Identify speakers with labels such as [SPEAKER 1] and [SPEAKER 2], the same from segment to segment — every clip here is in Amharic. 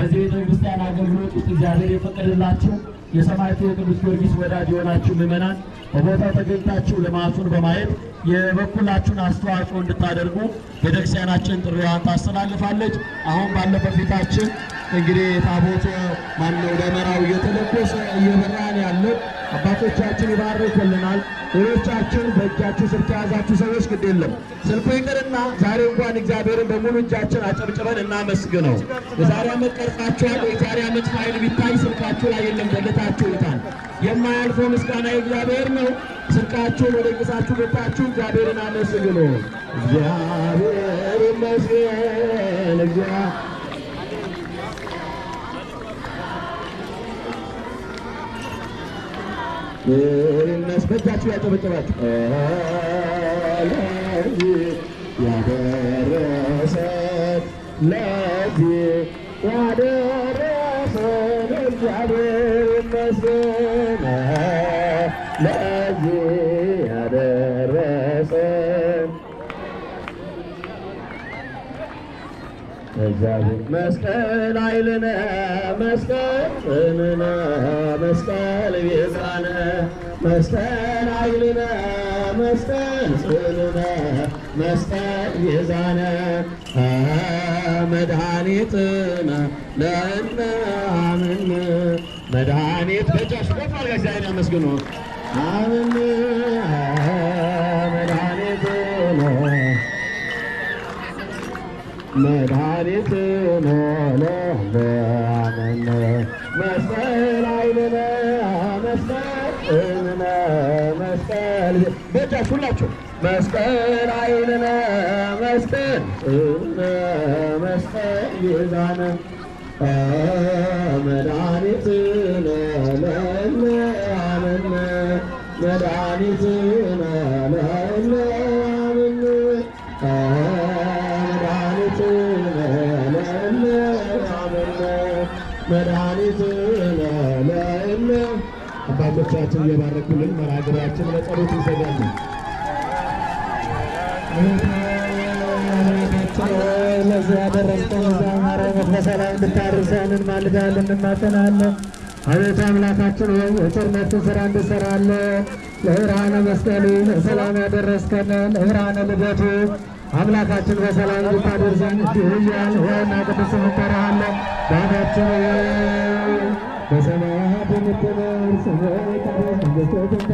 [SPEAKER 1] ከዚህ ቤተክርስቲያን አገልግሎት ውስጥ እግዚአብሔር የፈቀደላችሁ የሰማዕቱ የቅዱስ ጊዮርጊስ ወዳጅ የሆናችሁ ምዕመናን በቦታው ተገኝታችሁ ልማቱን በማየት የበኩላችሁን አስተዋጽኦ እንድታደርጉ ቤተክርስቲያናችን ጥሪዋን ታስተላልፋለች። አሁን ባለበት ፊታችን እንግዲህ ታቦተ ማነው ደመራው እየተለኮሰ እየበራን ያለው አባቶቻችን ይባርኩልናል። ሌሎቻችን በእጃችሁ ስልክ የያዛችሁ ሰዎች ግድ የለም ስልኩ ይቅርና ዛሬ እንኳን እግዚአብሔርን በሙሉ እጃችን አጨብጭበን እናመስግነው። የዛሬ ዓመት ቀርጻችኋል። የዛሬ ዓመት ፋይል ቢታይ ስልካችሁ ላይ የለም፣ ዘግታችሁታል። የማያልፈው ምስጋና የእግዚአብሔር ነው። ስልካችሁን ወደ ቂሳችሁ ገታችሁ እግዚአብሔርን አመስግኑ። እግዚአብሔር ይመስገን። ድልነት በእጃችሁ ያጨበጨባችሁ ለዚህ ያደረሰን ለዚህ ያደ መስቀል አይልነ መስቀል ጽንዕነ መስቀል ቤዛነ መስቀል ኃይልነ መስቀል ጽንዕነ መስቀል ቤዛነ መድኃኒትነ ለእነ አምን መድኃኒት በእጃችሁ ከፍ አድርጋችሁ ዛሬን አምን መድኃኒትነ ለሕማምነ መስቀል ኃይልነ መስቀል እምነ መስቀል በእጃችሁ ሁላችሁ መስቀል ኃይልነ መስቀል እምነ መስቀል ይዛነ መድኃኒትነ ለሕማምነ መድኃኒትነ ለሕማምነ መድኃኒትነ ለእነ አባቶቻችን እየባረኩልን መርሃ ግብራችን ለጸሎት ይዘጋለን። ለዚህ ያደረስከን እዛ በሰላም እንድታርሰን እንማልዳለን፣ እንማጸናለን። አቤቱ አምላካችን ሆይ የቸርነትን ስራ እንድሰራለን። ለብርሃነ መስቀሉ ለሰላም ያደረስከን ለብርሃነ ልደቱ አምላካችን በሰላም ይታደር ዘንድ ይሁን ሆነ ቅዱስም ተራሃለ ባባችን በሰማያት የምትኖር ስምህ ይቀደስ መንግስትህ ትምጣ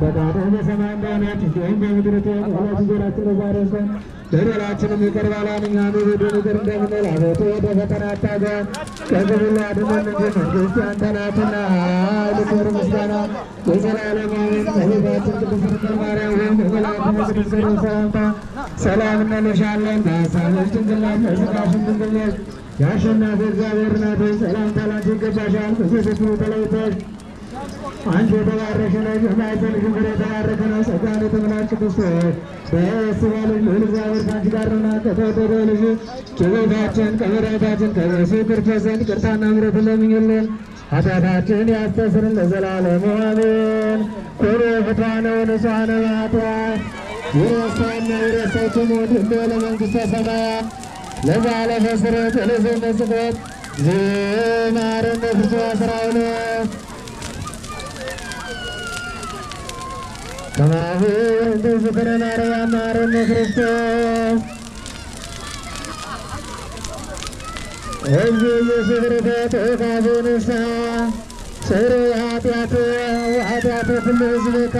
[SPEAKER 1] ፈቃድህ በሰማይ እንደሆነች እንዲሁም በምድር ትሁን የዕለት እንጀራችንን ዛሬን ስጠን በደላችንን ይቅር በለን እኛም በደሉንን ይቅር እንደምንል አቤቱ ወደ ፈተና አታግባን ከክፉ ሁሉ አድነን እንጂ መንግሥት ያንተ ናትና ኃይል፣ ክብር፣ ምስጋና ለዘላለሙ አሜን። እመቤታችን ቅድስት ድንግል ማርያም ሆይ በመላእክት ቅዱሳን ሰላምታ ሰላም እንልሻለን በሀሳብሽ ድንግል ነሽ፣ በሥጋሽም ድንግል ነሽ። የአሸናፊ እግዚአብሔር እናት ሆይ ሰላምታ ላንቺ ይገባሻል። ከሴቶች ሁሉ ተለይተሽ አንቺ የተባረክሽ ነሽ፣ የማኅፀንሽ ፍሬ የተባረከ ነው። ጸጋን የተመላሽ ቅድስት ደስ ይበልሽ፣ ልዑል እግዚአብሔር ከአንቺ ጋር ነውና ከተወደደ ልጅሽ ከጌታችን ከመድኃኒታችን ከኢየሱስ ክርስቶስ ዘንድ ይቅርታና ምሕረትን ለምኝልን ኃጢአታችንን ያስተስርን ለዘላለሙ አሜን። ኩሩ ፍትሐነ ወንጹሐነ መዓትዋ ውረሳነ ውረሰቱም ውድነ ለመንግሥተ ሰማያት ለባለ ፈስረት ለዘነ ጽፎት ዝማረነ ፍጹ አስራ ሁለት ከማሁ ወንዱ ማርያም ማረነ ክርስቶስ እዚህ የስብርበት እካቡንሳ ስሩ ኃጢአት ኃጢአት ሁሉ ህዝብከ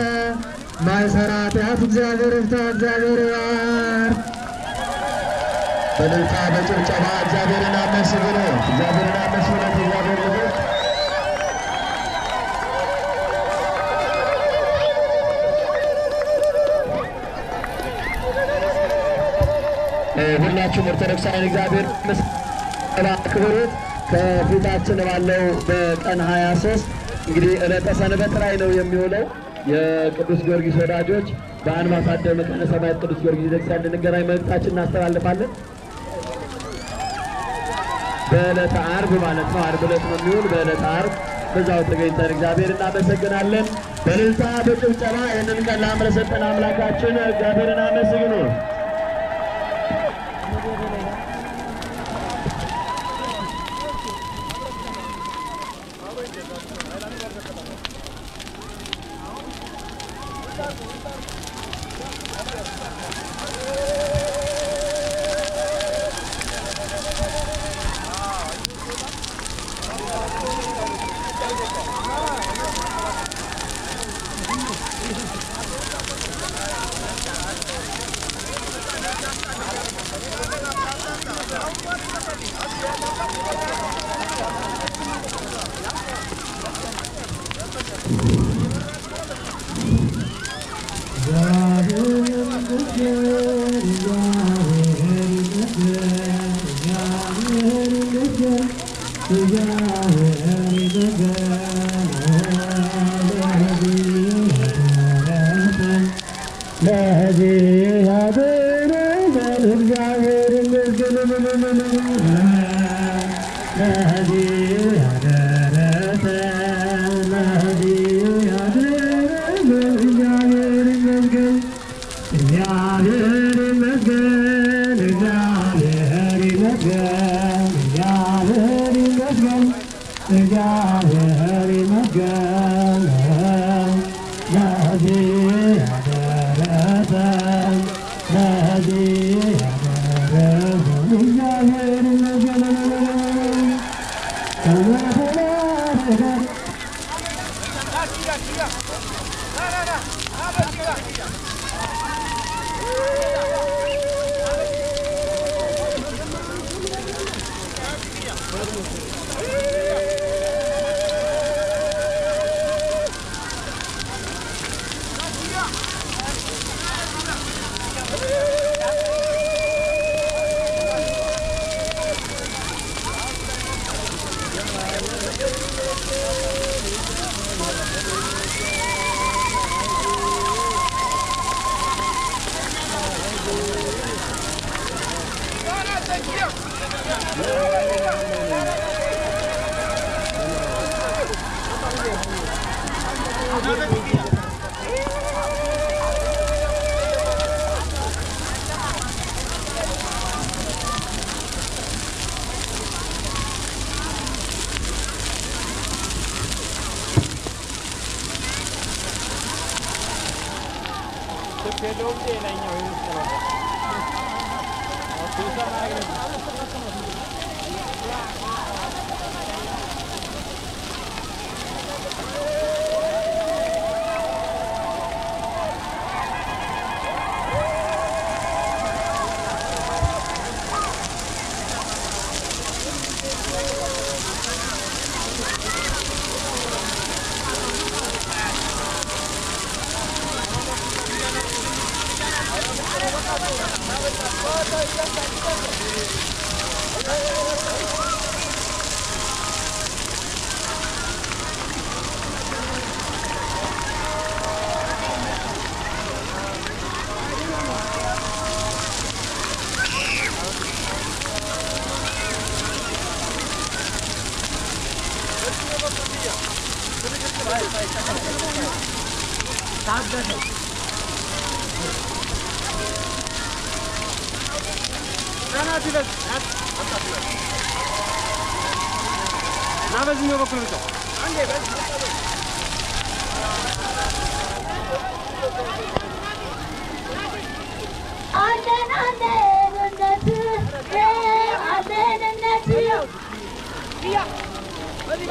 [SPEAKER 1] ማይሰራ ኃጢአት እግዚአብሔር ይፍታ። እግዚአብሔር ይባር። በልልታ በጭብጨባ እግዚአብሔርን አመስግኑ። እግዚአብሔርን አመስግኑት። እግዚአብሔር ልጆች ሁላችሁም ኦርቶዶክሳውያን እግዚአብሔር ምስጋና ከፊታችን ባለው በቀን 23 እንግዲህ ዕለተ ሰንበት ላይ ነው የሚውለው። የቅዱስ ጊዮርጊስ ወዳጆች በአምባሳደር መካነ ሰማያት ቅዱስ ጊዮርጊስ ቤተክርስቲያን እንድንገናኝ መልእክታችን እናስተላልፋለን። በዕለተ ዓርብ ማለት ነው። ዓርብ ዕለት ነው የሚውል። በዕለተ ዓርብ በዛው ተገኝተን እግዚአብሔር እናመሰግናለን። በልልታ በጭብጨባ ይህንን ቀን ለሰጠን አምላካችን እግዚአብሔርን አመስግኑ። لا هادي şeyde oldu ya yine oyuncu Ama kuyusa merak ediyorum. सात दस है ना बस मैं बकरी तो आगे
[SPEAKER 2] आते आते नन्नत रे आते नन्नत प्रिया ए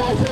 [SPEAKER 2] 是。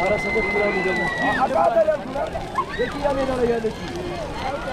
[SPEAKER 2] Arasında duran bir gelmiş. Hadi hadi hadi. Peki ya meydana geldi.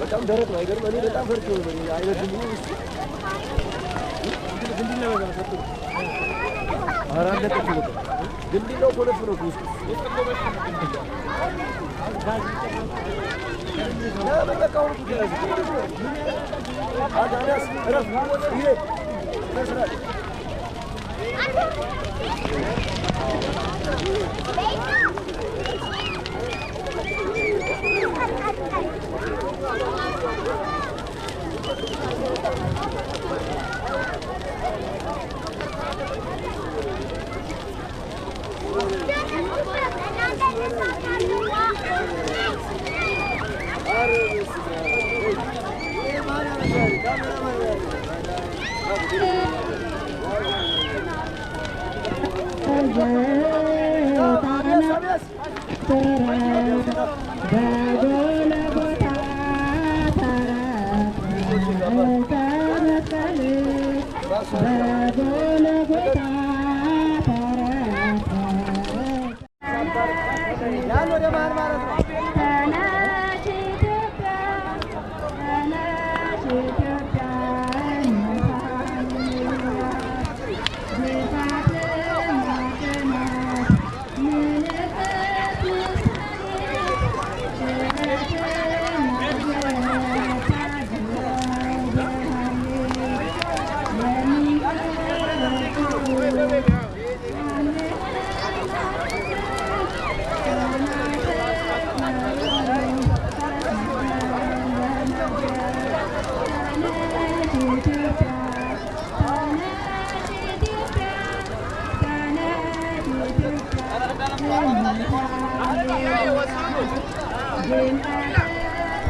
[SPEAKER 1] बटाम धरत नाही घर म्हणजे बटाम फरक म्हणजे आईला दिंडी दिंडीला वेगळा करतो हरांदा करतो लोक दिंडी लोक कोणच लोक आज आल्यास रस भावाचं घे रस Thank you.